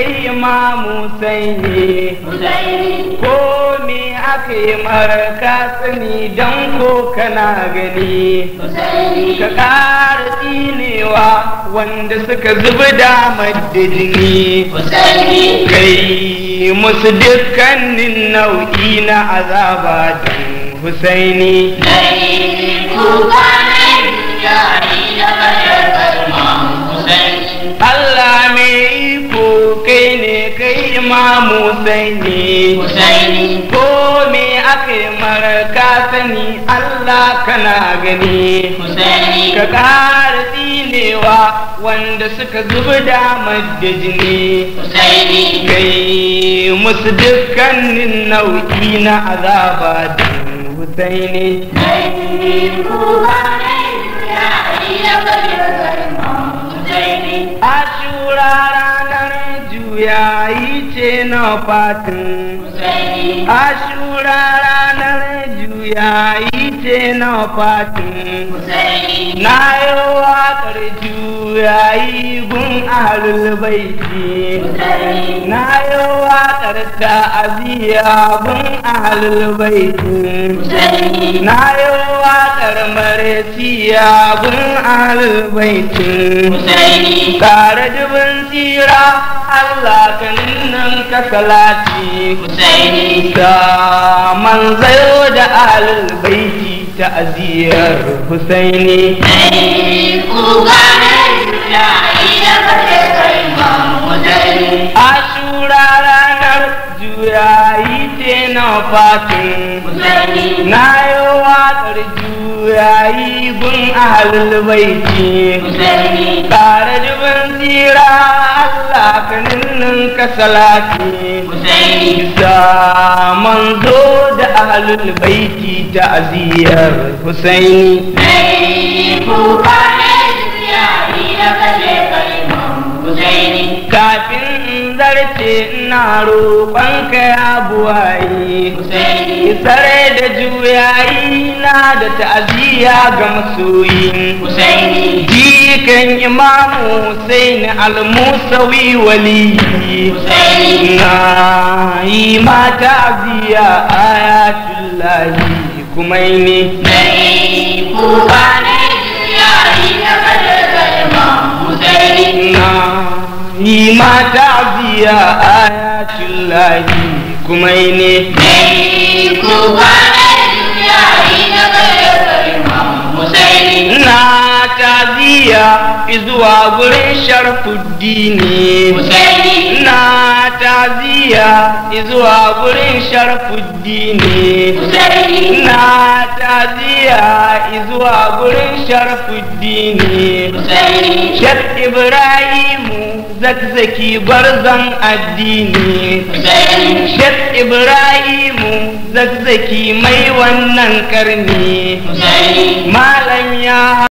sai ma sai ne ko me aka yi maraka sani don ko kana gani ka ƙara tsinewa wanda suka zubi damar da jini kai musu dukkanin nau'i na azaba don husaini Allah ma musaini musaini ko me aka mara ka sani Allah kana gani ka kara tsinewa wanda suka zubi da madajini ne. kai musu dukkanin nau'i na azaba da musaini musaini na fatin ashura ranar juya ite na fatin na yi waƙar juya yi gun ahalul baiti na yi da abiya gun ahalul baiti na yi waƙar mareciya gun ahalul baiti kare jibin tsira Allah ka nan ka salati da manzayo da ahalul ta aziyar Husaini. Ku gane da fatin na yi watsar juyayi gun ahalul baiti tare jibin tsira Allah ka ninnin ka salati bisa manzo da ahalul baiti ta aziyar Husaini. Kafin zarce na roƙonka ya buwayi sare da juyayi na da ta'aziyya ga masoyi jikan imamu husaini almusawi wali na yi ma ta'aziyya ayatullahi kuma ne ni mata biya ayatin lahi kuma ne na taziya izuwa gure sharfuddini na taziya izuwa gure sharfuddini na taziya izuwa gure sharfuddini shar ibrahim zakzaki gwarzon addini shek ibrahimu zakzaki mai wannan karni malam ya